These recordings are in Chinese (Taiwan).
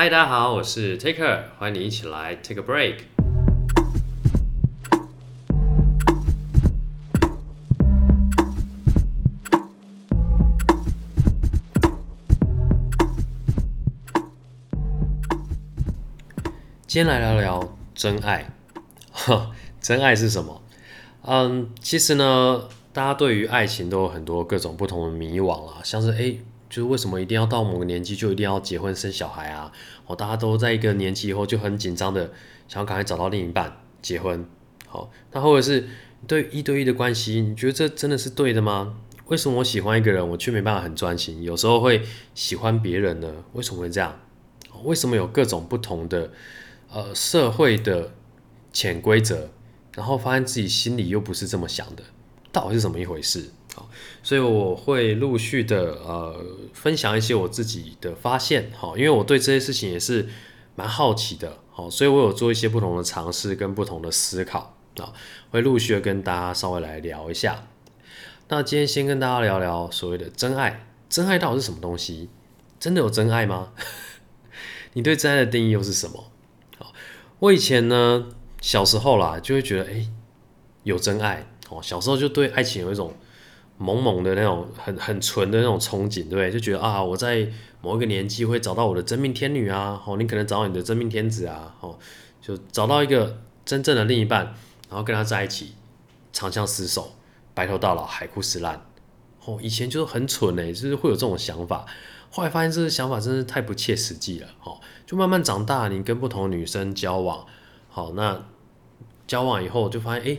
嗨，Hi, 大家好，我是 Taker，歡迎你一起來 Take a Break。今天來聊聊真愛。呵，真愛是什麼？嗯，其實呢，大家對於愛情都有很多各種不同的迷惘啊，像是哎，誒就是為什麼一定要到某個年紀就一定要結婚生小孩啊？哦，大家都在一個年紀以後就很緊張的，想要趕快找到另一半結婚。好，那或者是對一對一的關係，你覺得這真的是對的嗎？為什麼我喜歡一個人，我卻沒辦法很專心？有時候會喜歡別人呢？為什麼會這樣？為什麼有各種不同的呃社會的潛規則，然後發現自己心裡又不是這麼想的？到底是怎麼一回事？所以我會陸續的呃分享一些我自己的發現，哈。因為我對這些事情也是蠻好奇的，好，所以我有做一些不同的嘗試跟不同的思考啊，會陸續的跟大家稍微來聊一下。那今天先跟大家聊聊所謂的真愛，真愛到底是什麼東西？真的有真愛嗎？ 你對真愛的定義又是什麼？我以前呢小時候啦就會覺得誒、欸，有真愛哦，小時候就對愛情有一種。萌萌的那種很，很很純的那種憧憬，對不對？就覺得啊，我在某一個年紀會找到我的真命天女啊，吼、哦，你可能找到你的真命天子啊，吼、哦，就找到一個真正的另一半，然後跟他在一起，長相厮守，白頭到老，海枯石爛，哦，以前就是很蠢哎、欸，就是會有這種想法，後來發現這個想法真是太不切實際了，哦，就慢慢長大，你跟不同女生交往，好、哦，那交往以後就發現，哎。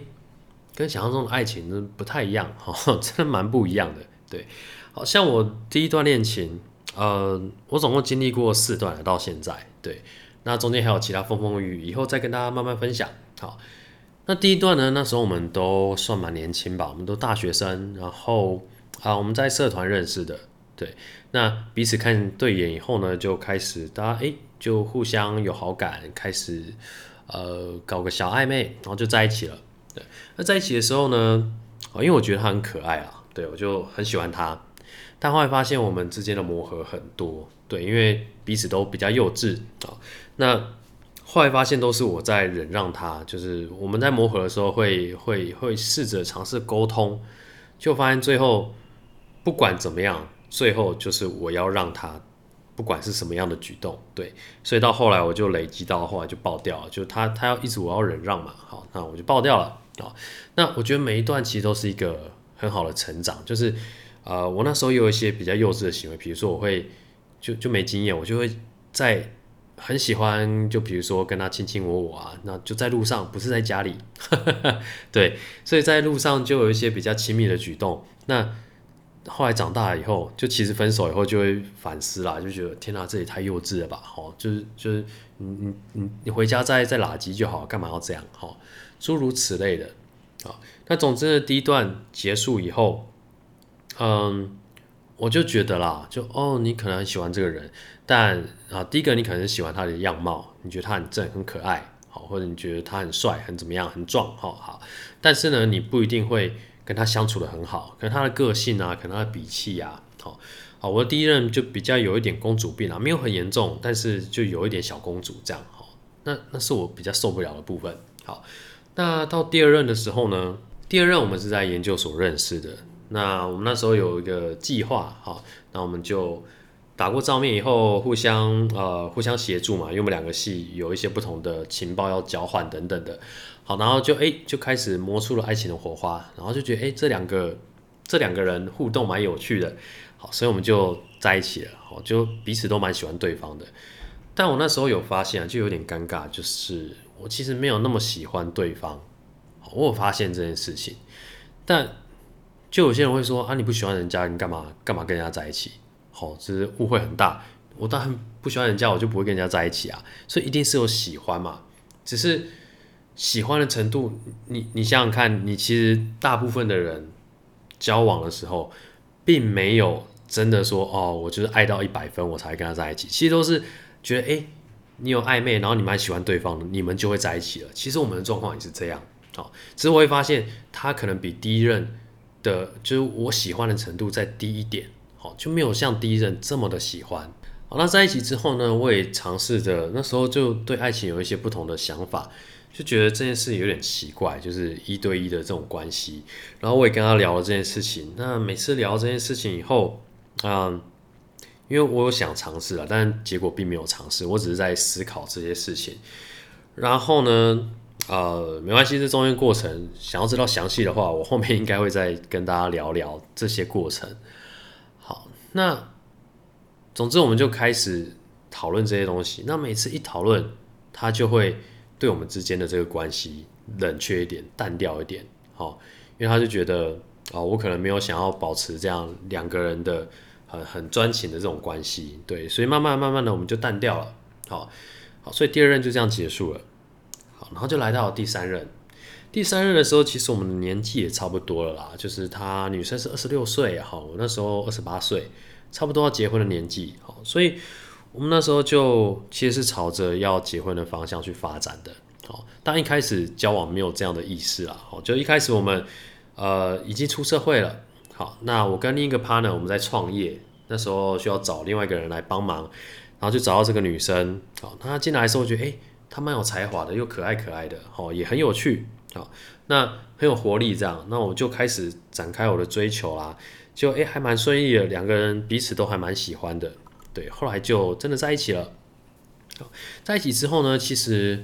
跟想象中的愛情是不太一樣哈，真的蠻不一樣的。對，好像我第一段戀情，呃，我總共經歷過四段，到現在。對，那中間還有其他風風雨雨，以後再跟大家慢慢分享。好，那第一段呢，那時候我們都算蠻年輕吧，我們都大學生，然後啊，我們在社團認識的。對，那彼此看對眼以後呢，就開始大家哎，欸，就互相有好感，開始，呃，搞個小曖昧，然後就在一起了。那在一起的時候呢，啊，因為我覺得他很可愛啊，對，我就很喜歡他。但後來發現我們之間的磨合很多，對，因為彼此都比較幼稚啊。那後來發現都是我在忍讓他，就是我們在磨合的時候會會會試着嘗試溝通，就發現最後不管怎麼樣，最後就是我要讓他不管是什麼樣的舉動，對，所以到後來我就累積到後來就爆掉了，就是他他要一直我要忍讓嘛，好，那我就爆掉了。那我覺得每一段其實都是一個很好的成長，就是，呃，我那時候有一些比較幼稚的行為，比如說我會就就沒經驗，我就會在很喜歡，就比如說跟他卿卿我我啊，那就在路上，不是在家裡，呵呵呵對，所以在路上就有一些比較親密的舉動。那後來長大了以後，就其實分手以後就會反思啦，就覺得天哪、啊，這也太幼稚了吧，哈，就是就是你你你你回家再再垃圾就好，幹嘛要這樣，哈。諸如此類的，好，那總之第一段結束以後，嗯，我就覺得啦，就哦，你可能很喜歡這個人，但啊，第一個你可能是喜歡他的樣貌，你覺得他很正、很可愛，好，或者你覺得他很帥、很怎麼樣、很壯，哈、哦，但是呢，你不一定會跟他相處得很好，可他的個性啊，可能他的脾氣呀，好，好，我的第一任就比較有一點公主病啊，沒有很嚴重，但是就有一點小公主這樣，哈，那那是我比較受不了的部分，好。那到第二任的時候呢？第二任我們是在研究所認識的。那我們那時候有一個計劃，好，那我們就打過照面以後互、呃，互相呃互相協助嘛，因為我們兩個系有一些不同的情報要交換等等的，好，然後就誒、欸，就開始摸出了愛情的火花，然後就覺得誒、欸，這兩個這兩個人互動蠻有趣的，好，所以我們就在一起了，好，就彼此都蠻喜歡對方的。但我那時候有發現啊，就有點尷尬，就是。我其實沒有那麼喜歡對方，我有發現這件事情，但就有些人會說啊，你不喜歡人家，你幹嘛幹嘛跟人家在一起？好，只是誤會很大。我當然不喜歡人家，我就不會跟人家在一起啊，所以一定是有喜歡嘛，只是喜歡的程度，你你想想看，你其實大部分的人交往的時候，並沒有真的說哦，我就是愛到一百分，我才跟他在一起。其實都是覺得哎。欸你有曖昧，然後你蠻喜歡對方的，你們就會在一起了。其實我們的狀況也是這樣，啊、哦，只是我會發現他可能比第一任的，就是我喜歡的程度再低一點，好、哦，就沒有像第一任這麼的喜歡。好，那在一起之後呢，我也嘗試着，那時候就對愛情有一些不同的想法，就覺得這件事有點奇怪，就是一對一的這種關係。然後我也跟他聊了這件事情，那每次聊這件事情以後，嗯。因為我有想嘗試了，但結果並沒有嘗試，我只是在思考這些事情。然後呢，呃，沒關係，這中間過程。想要知道詳細的話，我後面應該會再跟大家聊聊這些過程。好，那總之我們就開始討論這些東西。那每次一討論，他就會對我們之間的這個關係冷卻一點、淡掉一點。好、哦，因為他就覺得啊、哦，我可能沒有想要保持這樣兩個人的。很很專情的這種關係，對，所以慢慢慢慢的我們就淡掉了，好，好，所以第二任就這樣結束了，好，然後就來到第三任，第三任的時候，其實我們的年紀也差不多了啦，就是他女生是二十六歲，哈，我那時候二十八歲，差不多要結婚的年紀，好，所以我們那時候就其實是朝着要結婚的方向去發展的，哦，但一開始交往沒有這樣的意思啦，哦，就一開始我們呃已經出社會了。好，那我跟另一個 partner，我們在創業，那時候需要找另外一個人來幫忙，然後就找到這個女生。好，她進來的時候我覺得，誒、欸，她蠻有才華的，又可愛可愛的，哦，也很有趣，好，那很有活力這樣，那我就開始展開我的追求啦。就誒，哎、欸，還蠻順利的，兩個人彼此都還蠻喜歡的，對，後來就真的在一起了。好，在一起之後呢，其實。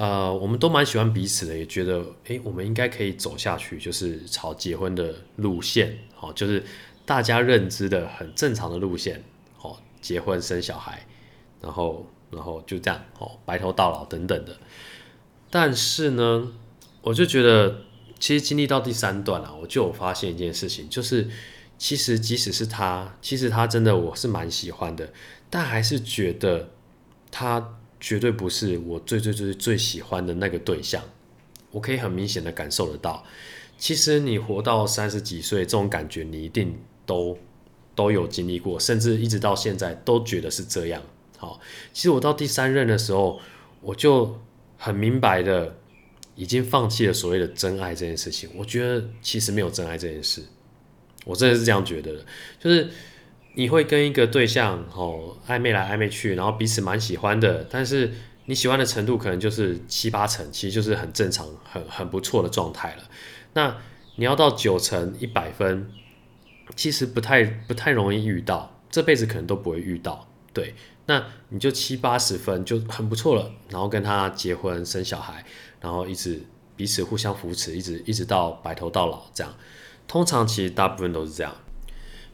呃，我們都蠻喜歡彼此的，也覺得，誒，我們應該可以走下去，就是朝結婚的路線，哦，就是大家認知的很正常的路線，哦，結婚生小孩，然後，然後就這樣，哦，白頭到老等等的。但是呢，我就覺得，其實經歷到第三段了啊，我就有發現一件事情，就是其實即使是他，其實他真的我是蠻喜歡的，但還是覺得他。絕對不是我最最最最喜歡的那個對象，我可以很明顯的感受得到。其實你活到三十幾歲，這種感覺你一定都都有經歷過，甚至一直到現在都覺得是這樣。好，其實我到第三任的時候，我就很明白的已經放棄了所謂的真愛這件事情。我覺得其實沒有真愛這件事，我真的是這樣覺得的，就是。你會跟一個對象哦曖昧來曖昧去，然後彼此蠻喜歡的，但是你喜歡的程度可能就是七八成，其實就是很正常，很很不錯的狀態了。那你要到九成一百分，其實不太不太容易遇到，這輩子可能都不會遇到。對，那你就七八十分就很不錯了，然後跟他結婚生小孩，然後一直彼此互相扶持，一直一直到白頭到老這樣。通常其實大部分都是這樣。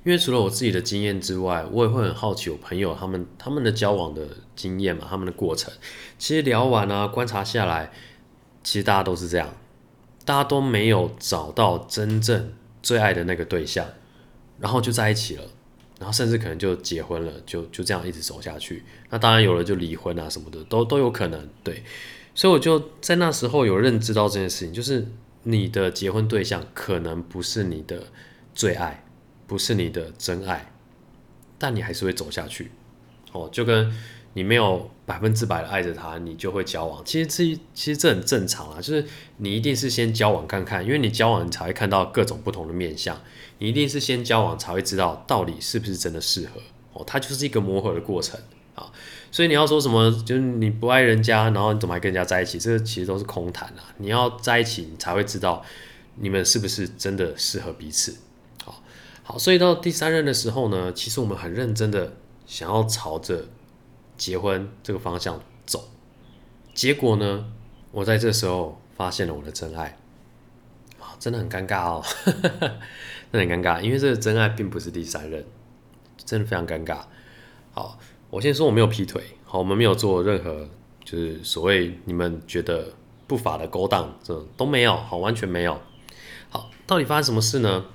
因為除了我自己的經驗之外，我也會很好奇我朋友他們他們的交往的經驗嘛，他們的過程。其實聊完啊，觀察下來，其實大家都是這樣，大家都沒有找到真正最愛的那個對象，然後就在一起了，然後甚至可能就結婚了，就就這樣一直走下去。那當然有了就離婚啊什麼的都都有可能。對，所以我就在那時候有認知到這件事情，就是你的結婚對象可能不是你的最愛。不是你的真愛，但你還是會走下去，哦，就跟你沒有百分之百的愛着他，你就會交往。其實這其實這很正常啊，就是你一定是先交往看看，因為你交往你才會看到各種不同的面相。你一定是先交往才會知道到底是不是真的適合哦，它就是一個磨合的過程啊。所以你要說什麼，就是你不愛人家，然後你怎麼還跟人家在一起？這個其實都是空談啊。你要在一起，你才會知道你們是不是真的適合彼此。好，所以到第三任的時候呢，其實我們很認真的想要朝着結婚這個方向走，結果呢，我在這時候發現了我的真愛，啊、哦，真的很尷尬哦， 那很尷尬，因為這個真愛並不是第三任，真的非常尷尬。好，我先說我沒有劈腿，好，我們沒有做任何就是所謂你們覺得不法的勾當，這種都沒有，好，完全沒有。好，到底發生什麼事呢？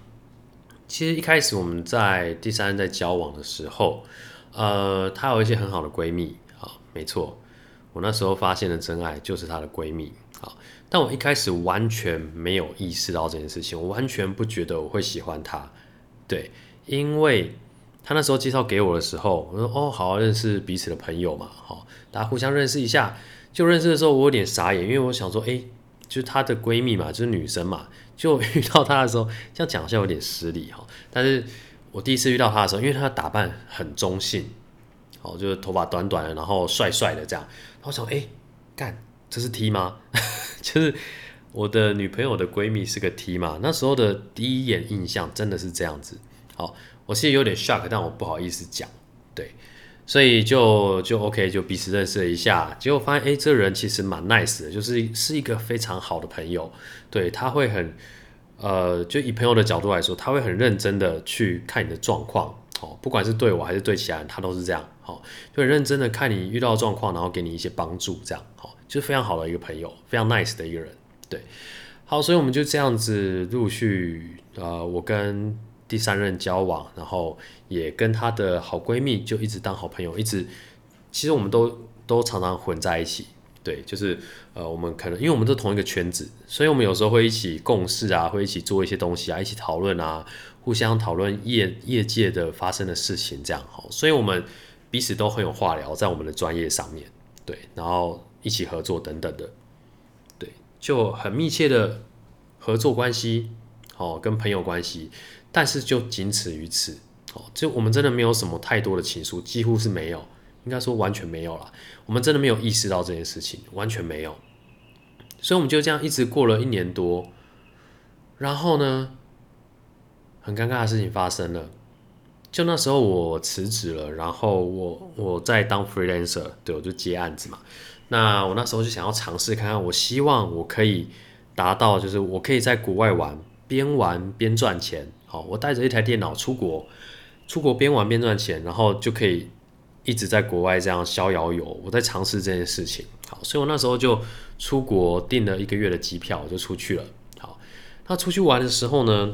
其實一開始我們在第三人在交往的時候，呃，她有一些很好的閨蜜啊、哦，沒錯，我那時候發現的真愛就是她的閨蜜啊、哦。但我一開始完全沒有意識到這件事情，我完全不覺得我會喜歡她，對，因為她那時候介紹給我的時候，我說哦，好，好認識彼此的朋友嘛，好、哦，大家互相認識一下。就認識的時候，我有點傻眼，因為我想說，誒、欸。就是她的閨蜜嘛，就是女生嘛，就遇到她的時候，這樣講好像有點失禮哈。但是我第一次遇到她的時候，因為她打扮很中性，哦，就是頭髮短短的，然後帥帥的這樣。然後我想，哎、欸，幹，這是 T 嗎？ 就是我的女朋友的閨蜜是個 T 嘛？那時候的第一眼印象真的是這樣子。好，我現在有點 shock，但我不好意思講。所以就就 OK，就彼此認識了一下，結果發現哎，這個人其實蠻 nice 的，就是是一個非常好的朋友。對，他會很，呃，就以朋友的角度來說，他會很認真的去看你的狀況，哦，不管是對我還是對其他人，他都是這樣，哦，就很認真的看你遇到的狀況，然後給你一些幫助，這樣，哦，就是非常好的一個朋友，非常 nice 的一個人。對，好，所以我們就這樣子陸續，呃，我跟。第三任交往，然後也跟她的好閨蜜就一直當好朋友，一直其實我們都都常常混在一起，對，就是呃我們可能因為我們都同一個圈子，所以我們有時候會一起共事啊，會一起做一些東西啊，一起討論啊，互相討論業業界的發生的事情這樣好，所以我們彼此都很有話聊在我們的專業上面，對，然後一起合作等等的，對，就很密切的合作關係，好、哦，跟朋友關係。但是就僅此於此哦，就我們真的沒有什麼太多的情愫，幾乎是沒有，應該說完全沒有啦。我們真的沒有意識到這件事情，完全沒有。所以我們就這樣一直過了一年多，然後呢，很尷尬的事情發生了。就那時候我辭職了，然後我我在當 freelancer，對我就接案子嘛。那我那時候就想要嘗試看看，我希望我可以達到，就是我可以在國外玩，邊玩邊賺錢。好，我帶着一台電腦出國，出國邊玩邊賺錢，然後就可以一直在國外這樣逍遙遊。我在嘗試這件事情。好，所以我那時候就出國訂了一個月的機票，我就出去了。好，那出去玩的時候呢，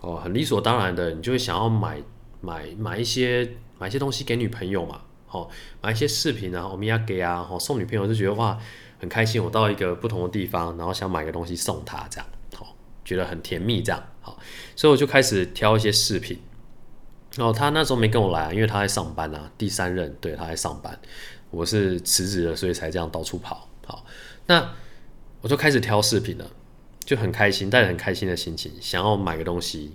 哦，很理所當然的，你就會想要買買買一些買一些東西給女朋友嘛。好，買一些飾品啊，我們要給啊，送女朋友就覺得哇很開心。我到一個不同的地方，然後想買個東西送她這樣。覺得很甜蜜，這樣好，所以我就開始挑一些飾品。然後，哦，他那時候沒跟我來，因為他在上班啊。第三任對他在上班，我是辭職了，所以才這樣到處跑。好，那我就開始挑飾品了，就很開心，帶着很開心的心情，想要買個東西，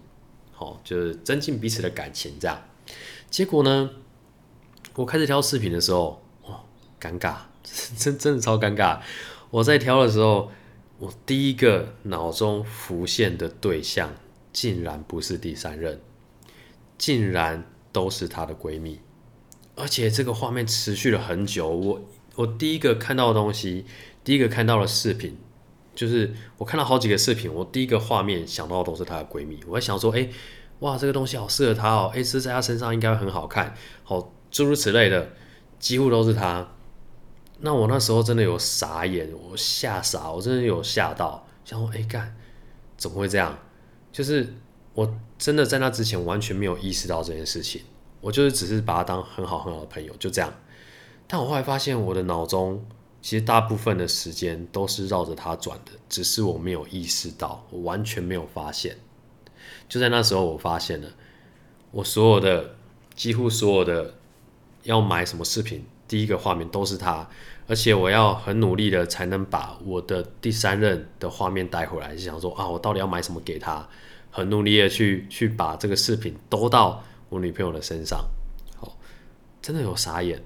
好，就是增進彼此的感情這樣。結果呢，我開始挑飾品的時候，哇，哦，尷尬，真真的超尷尬。我在挑的時候。我第一個腦中浮現的對象，竟然不是第三任，竟然都是她的閨蜜。而且這個畫面持續了很久。我我第一個看到的東西，第一個看到的視頻，就是我看到好幾個視頻。我第一個畫面想到的都是她的閨蜜。我在想說，哎、欸，哇，這個東西好適合她哦。哎、欸，這在她身上應該會很好看。好，諸如此類的，幾乎都是她。那我那時候真的有傻眼，我嚇傻，我真的有嚇到，想說哎，幹，怎麼會這樣？就是我真的在那之前完全沒有意識到這件事情，我就是只是把他當很好很好的朋友，就這樣。但我後來發現，我的腦中其實大部分的時間都是繞着他轉的，只是我沒有意識到，我完全沒有發現。就在那時候，我發現了，我所有的幾乎所有的要買什麼飾品。第一個畫面都是他，而且我要很努力的才能把我的第三任的畫面帶回來，就想說啊，我到底要買什麼給他？很努力的去去把這個飾品兜到我女朋友的身上，好，真的有傻眼，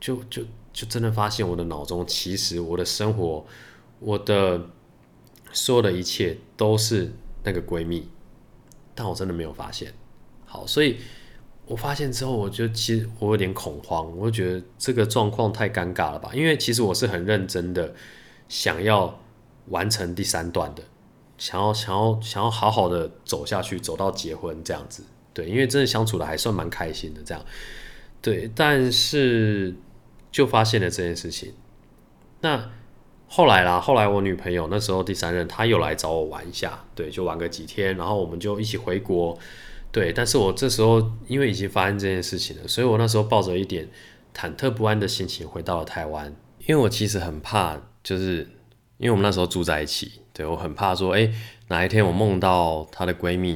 就就就真的發現我的腦中其實我的生活，我的所有的一切都是那個閨蜜，但我真的沒有發現，好，所以。我發現之後，我就其實我有點恐慌，我就覺得這個狀況太尷尬了吧？因為其實我是很認真的，想要完成第三段的，想要想要想要好好的走下去，走到結婚這樣子，對，因為真的相處得還算蠻開心的這樣，對，但是就發現了這件事情。那後來啦，後來我女朋友那時候第三任，她又來找我玩一下，對，就玩個幾天，然後我們就一起回國。對，但是我這時候因為已經發生這件事情了，所以我那時候抱着一點忐忑不安的心情回到了台灣，因為我其實很怕，就是因為我們那時候住在一起，對，我很怕說，哎，哪一天我夢到她的閨蜜，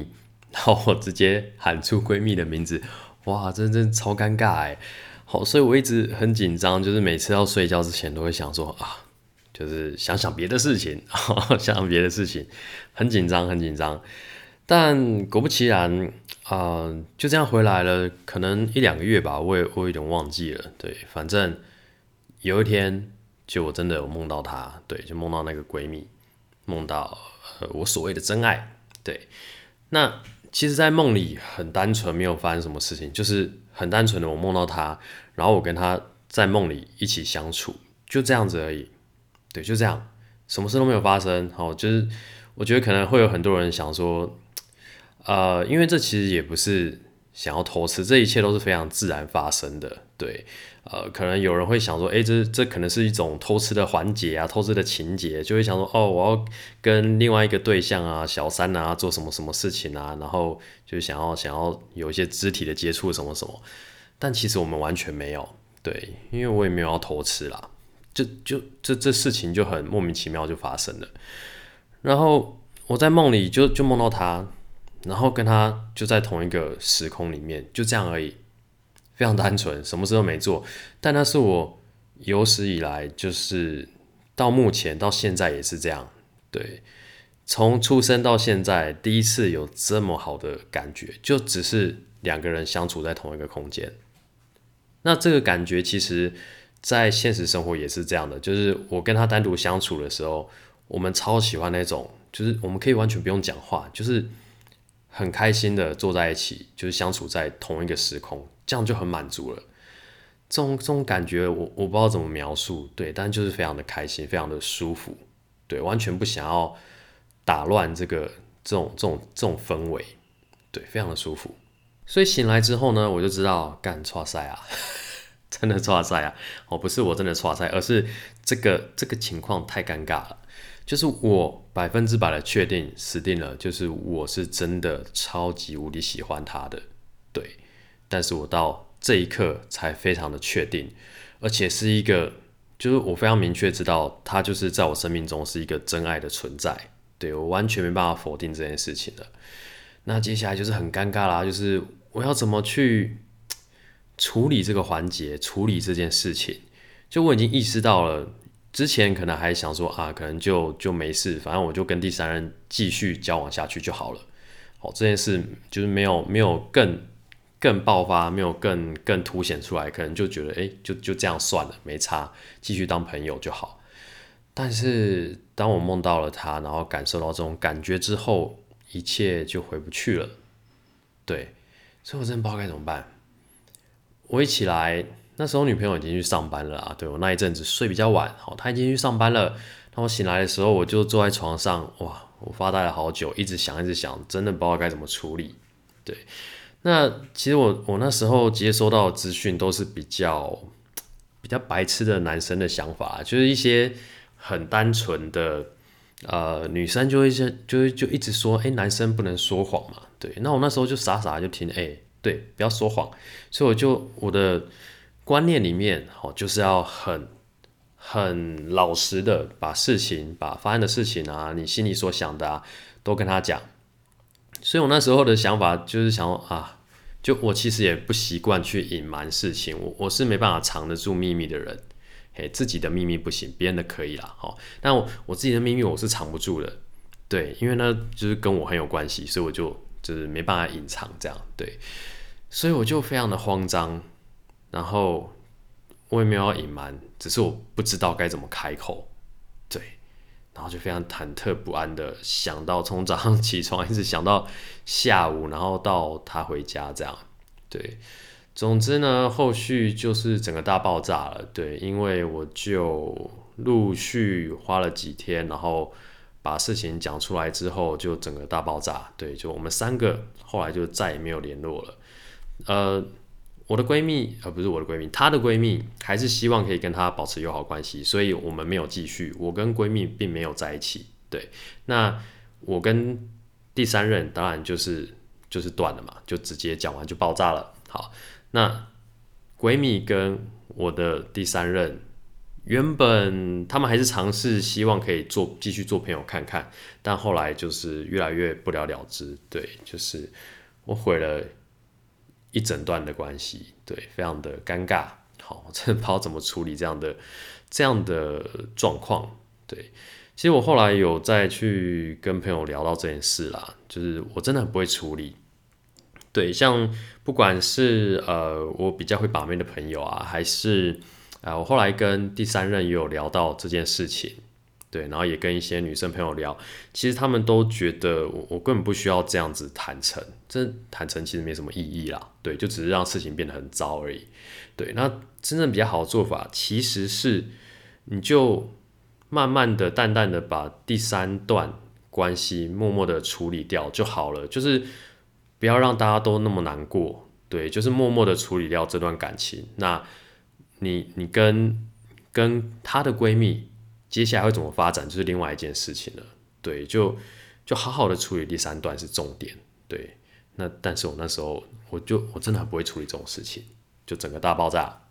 然後我直接喊出閨蜜的名字，哇，真真超尷尬哎，好，所以我一直很緊張，就是每次要睡覺之前都會想說，啊，就是想想別的事情，啊，想想別的事情，很緊張，很緊張。但果不其然，啊、呃，就這樣回來了，可能一兩個月吧，我也我有點忘記了。對，反正有一天就我真的有夢到她，對，就夢到那個閨蜜，夢到呃我所謂的真愛。對，那其實，在夢裡很單純，沒有發生什麼事情，就是很單純的我夢到她，然後我跟她在夢裡一起相處，就這樣子而已。對，就這樣，什麼事都沒有發生。好、哦，就是我覺得可能會有很多人想說。呃，因為這其實也不是想要偷吃，這一切都是非常自然發生的。對，呃，可能有人會想說，誒、欸，這這可能是一種偷吃的環節啊，偷吃的情節，就會想說，哦，我要跟另外一個對象啊，小三啊，做什麼什麼事情啊，然後就想要想要有一些肢體的接觸什麼什麼。但其實我們完全沒有，對，因為我也沒有要偷吃啦，就就這這事情就很莫名其妙就發生了。然後我在夢裡就就夢到他。然後跟他就在同一個時空裡面，就這樣而已，非常單純，什麼事都沒做。但那是我有史以來，就是到目前到現在也是這樣，對，從出生到現在第一次有這麼好的感覺，就只是兩個人相處在同一個空間。那這個感覺其實，在現實生活也是這樣的，就是我跟他單獨相處的時候，我們超喜歡那種，就是我們可以完全不用講話，就是。很開心的坐在一起，就是相處在同一個時空，這樣就很滿足了。這種這種感覺我，我我不知道怎麼描述，對，但就是非常的開心，非常的舒服，對，完全不想要打亂這個這種這種這種氛圍，對，非常的舒服。所以醒來之後呢，我就知道，幹，剉賽啊，呵呵，真的剉賽啊，哦，不是我真的剉賽，而是這個這個情況太尷尬了。就是我百分之百的確定死定了，就是我是真的超級無敵喜歡他的，對，但是我到這一刻才非常的確定，而且是一個就是我非常明確知道他就是在我生命中是一個真愛的存在，對，我完全沒辦法否定這件事情了。那接下來就是很尷尬啦，就是我要怎麼去處理這個環節，處理這件事情，就我已經意識到了。之前可能還想說啊，可能就就沒事，反正我就跟第三人繼續交往下去就好了。哦，這件事就是沒有沒有更更爆發，沒有更更凸顯出來，可能就覺得哎、欸，就就這樣算了，沒差，繼續當朋友就好。但是當我夢到了他，然後感受到這種感覺之後，一切就回不去了。對，所以我真的不知道該怎麼辦。我一起來。那時候女朋友已經去上班了啊，對，我那一陣子睡比較晚，好，她已經去上班了。那我醒來的時候，我就坐在床上，哇，我發呆了好久，一直想，一直想，真的不知道該怎麼處理。對，那其實我我那時候接收到資訊都是比較比較白痴的男生的想法，就是一些很單純的，呃，女生就會就就，就一直說，欸，男生不能說謊嘛，對。那我那時候就傻傻就聽，欸，對，不要說謊，所以我就我的。觀念裡面哦，就是要很很老實的把事情、把發生的事情啊，你心裡所想的啊，都跟他講。所以我那時候的想法就是想啊，就我其實也不習慣去隱瞞事情，我我是沒辦法藏得住秘密的人，嘿，自己的秘密不行，別人的可以啦，好，但我我自己的秘密我是藏不住的，對，因為呢，就是跟我很有關係，所以我就就是沒辦法隱藏這樣，對，所以我就非常的慌張。然後我也沒有隱瞞，只是我不知道該怎麼開口，對，然後就非常忐忑不安的想到從早上起床一直想到下午，然後到他回家這樣，對，總之呢，後續就是整個大爆炸了，對，因為我就陸續花了幾天，然後把事情講出來之後，就整個大爆炸，對，就我們三個後來就再也沒有聯絡了，呃。我的閨蜜，呃，不是我的閨蜜，她的閨蜜還是希望可以跟她保持友好關係，所以我們沒有繼續。我跟閨蜜並沒有在一起。對，那我跟第三任當然就是就是斷了嘛，就直接講完就爆炸了。好，那閨蜜跟我的第三任，原本他們還是嘗試希望可以做繼續做朋友看看，但後來就是越來越不了了之。對，就是我毀了，一整段的關係，對，非常的尷尬，好，我真的不知道怎麼處理這樣的這樣的狀況，對。其實我後來有再去跟朋友聊到這件事啦，就是我真的很不會處理，對，像不管是呃我比較會把妹的朋友啊，還是啊、呃、我後來跟第三任也有聊到這件事情。對，然後也跟一些女生朋友聊，其實她們都覺得我我根本不需要這樣子坦誠，這坦誠其實沒什麼意義啦，對，就只是讓事情變得很糟而已。對，那真正比較好的做法其實是，你就慢慢的、淡淡的把第三段關係默默的處理掉就好了，就是不要讓大家都那麼難過，對，就是默默的處理掉這段感情。那你，你你跟跟她的閨蜜。接下來會怎麼發展，就是另外一件事情了。對，就就好好的處理第三段是重點。對，那但是我那時候，我就我真的很不會處理這種事情，就整個大爆炸，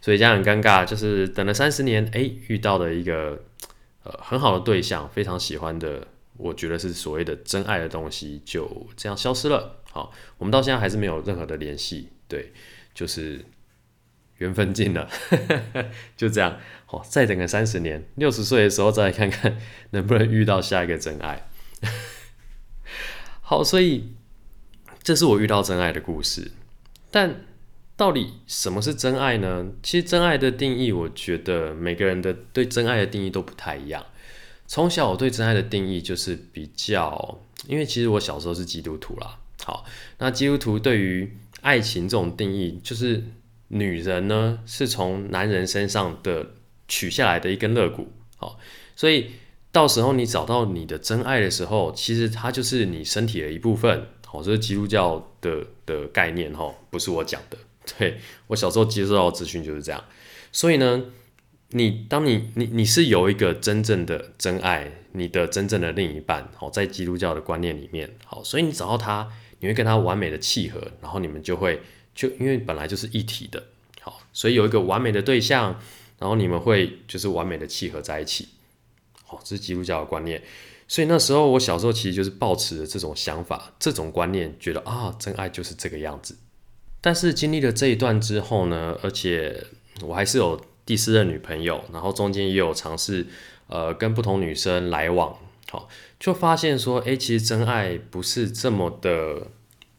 所以這樣很尷尬。就是等了三十年，哎、欸，遇到了一個呃很好的對象，非常喜歡的，我覺得是所謂的真愛的東西，就這樣消失了。好，我們到現在還是沒有任何的聯繫。對，就是。緣分盡了， 就這樣，好，哦，再等個三十年，六十歲的時候再來看看能不能遇到下一個真愛。 好，所以這是我遇到真愛的故事。但到底什麼是真愛呢？其實真愛的定義，我覺得每個人的對真愛的定義都不太一樣。從小我對真愛的定義就是比較，因為其實我小時候是基督徒啦。好，那基督徒對於愛情這種定義就是。女人呢，是從男人身上的取下來的一根肋骨，好，所以到時候你找到你的真愛的時候，其實它就是你身體的一部分，好，這、就是基督教的的概念，哈，不是我講的，對，我小時候接受到資訊就是這樣，所以呢，你當你你你是有一個真正的真愛，你的真正的另一半，好，在基督教的觀念裡面，好，所以你找到他，你會跟他完美的契合，然後你們就會。就因為本來就是一體的，好，所以有一個完美的對象，然後你們會就是完美的契合在一起，好，這是基督教的觀念。所以那時候我小時候其實就是抱持着這種想法、這種觀念，覺得啊，真愛就是這個樣子。但是經歷了這一段之後呢，而且我還是有第四任女朋友，然後中間也有嘗試呃跟不同女生來往，好，就發現說，哎，欸，其實真愛不是這麼的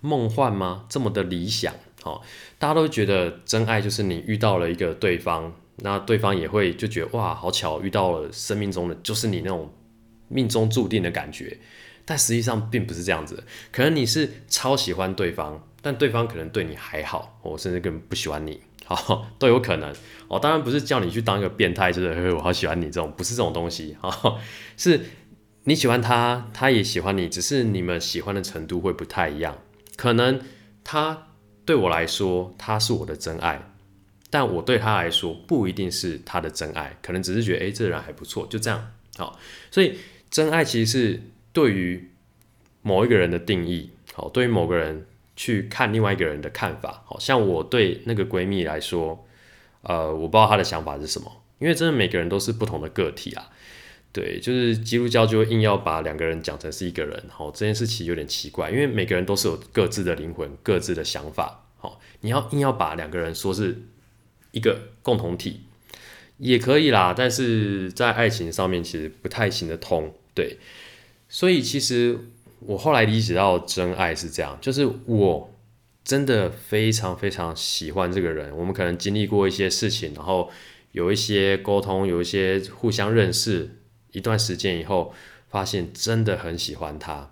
夢幻嗎？這麼的理想？好，大家都覺得真愛就是你遇到了一個對方，那對方也會就覺得哇，好巧，遇到了生命中的就是你那種命中注定的感覺。但實際上並不是這樣子，可能你是超喜歡對方，但對方可能對你還好，我甚至更不喜歡你，都有可能。哦，當然不是叫你去當一個變態，就是我好喜歡你這種，不是這種東西，是你喜歡他，他也喜歡你，只是你們喜歡的程度會不太一樣，可能他。對我來說，他是我的真愛，但我對他來說不一定是他的真愛，可能只是覺得，哎，這人還不錯，就這樣。好，所以真愛其實是對於某一個人的定義，好，對於某個人去看另外一個人的看法，好像我對那個閨蜜來說，呃，我不知道她的想法是什麼，因為真的每個人都是不同的個體啊。對，就是基督教就硬要把兩個人講成是一個人，好、哦，這件事情有點奇怪，因為每個人都是有各自的靈魂、各自的想法，好、哦，你要硬要把兩個人說是一個共同體，也可以啦，但是在愛情上面其實不太行得通，對，所以其實我後來理解到真愛是這樣，就是我真的非常非常喜歡這個人，我們可能經歷過一些事情，然後有一些溝通，有一些互相認識。一段時間以後，發現真的很喜歡他，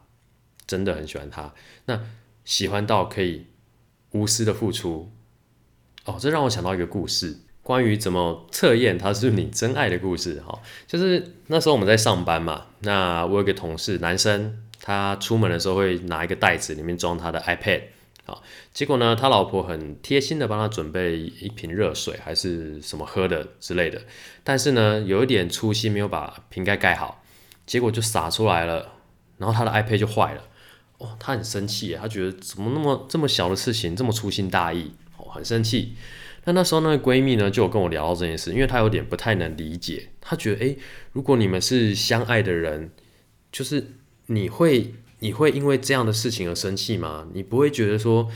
真的很喜歡他，那喜歡到可以無私的付出。哦，這讓我想到一個故事，關於怎麼測驗他是你真愛的故事。哈，就是那時候我們在上班嘛，那我有一個同事，男生，他出門的時候會拿一個袋子，裡面裝他的 iPad。啊，結果呢，他老婆很貼心的幫他準備一瓶熱水，還是什麼喝的之類的。但是呢，有一點粗心，沒有把瓶蓋蓋好，結果就灑出來了。然後他的 iPad 就壞了。哦，他很生氣，他覺得怎麼那麼這麼小的事情，這麼粗心大意，哦，很生氣。那那時候那個閨蜜呢，就有跟我聊這件事，因為她有點不太能理解，她覺得，哎、欸，如果你們是相愛的人，就是你會。你會因為這樣的事情而生氣嗎？你不會覺得說，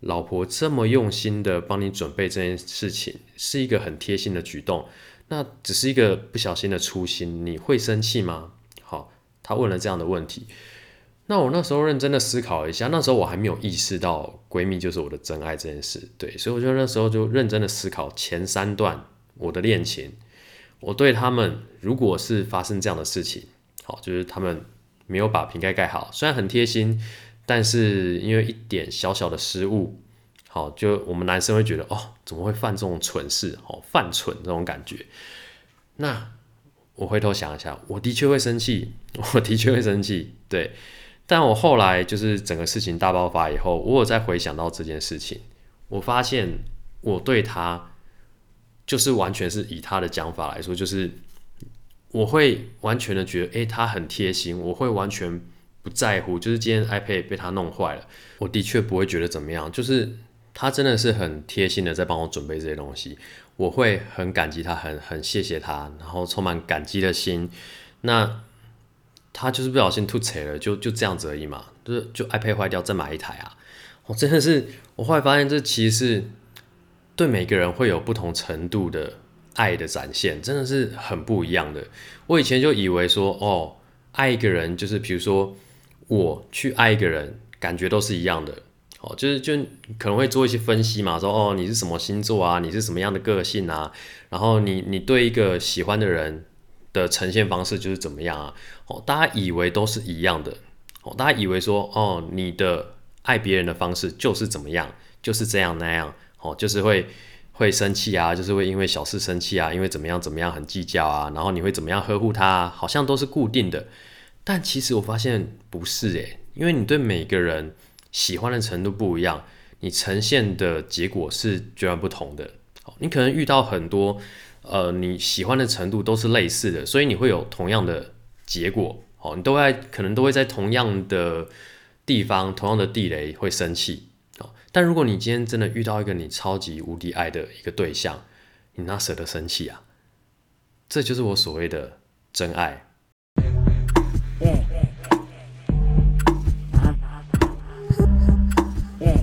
老婆這麼用心的幫你準備這件事情，是一個很貼心的舉動，那只是一個不小心的粗心，你會生氣嗎？好，他問了這樣的問題，那我那時候認真的思考一下，那時候我還沒有意識到閨蜜就是我的真愛這件事，對，所以我就那時候就認真的思考前三段我的戀情，我對他們如果是發生這樣的事情，好，就是他們。沒有把瓶蓋蓋好，雖然很貼心，但是因為一點小小的失誤，好，就我們男生會覺得，哦，怎麼會犯這種蠢事？哦，犯蠢這種感覺。那我回頭想一下，我的確會生氣，我的確會生氣，對。但我後來就是整個事情大爆發以後，我有再回想到這件事情，我發現我對他就是完全是以他的講法來說，就是。我會完全的覺得，誒、欸，他很貼心，我會完全不在乎，就是今天 iPad 被他弄壞了，我的確不會覺得怎麼樣，就是他真的是很貼心的在幫我準備這些東西，我會很感激他，很很謝謝他，然後充滿感激的心。那他就是不小心吐槽了，就就這樣子而已嘛，就是就 iPad 壞掉再買一台啊。我真的是，我後來發現這其實是對每個人會有不同程度的。愛的展現真的是很不一樣的。我以前就以為說，哦，愛一個人就是，比如說我去愛一個人，感覺都是一樣的。哦，就是就可能會做一些分析嘛，說哦，你是什麼星座啊？你是什麼樣的個性啊？然後你你對一個喜歡的人的呈現方式就是怎麼樣啊？哦，大家以為都是一樣的。哦，大家以為說，哦，你的愛別人的方式就是怎麼樣？就是這樣那樣。哦，就是會。會生氣啊，就是會因為小事生氣啊，因為怎麼樣怎麼樣很計較啊，然後你會怎麼樣呵護他啊，好像都是固定的，但其實我發現不是誒，因為你對每個人喜歡的程度不一樣，你呈現的結果是截然不同的。你可能遇到很多，呃，你喜歡的程度都是類似的，所以你會有同樣的結果。哦，你都會在可能都會在同樣的地方，同樣的地雷會生氣。但如果你今天真的遇到一個你超級無敵愛的一個對象，你哪捨得生氣啊？這就是我所謂的真愛。嗯嗯、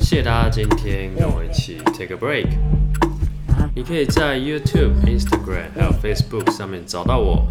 謝謝大家今天、嗯、跟我一起 take a break。你可以在 YouTube、Instagram 和 Facebook 上面找到我。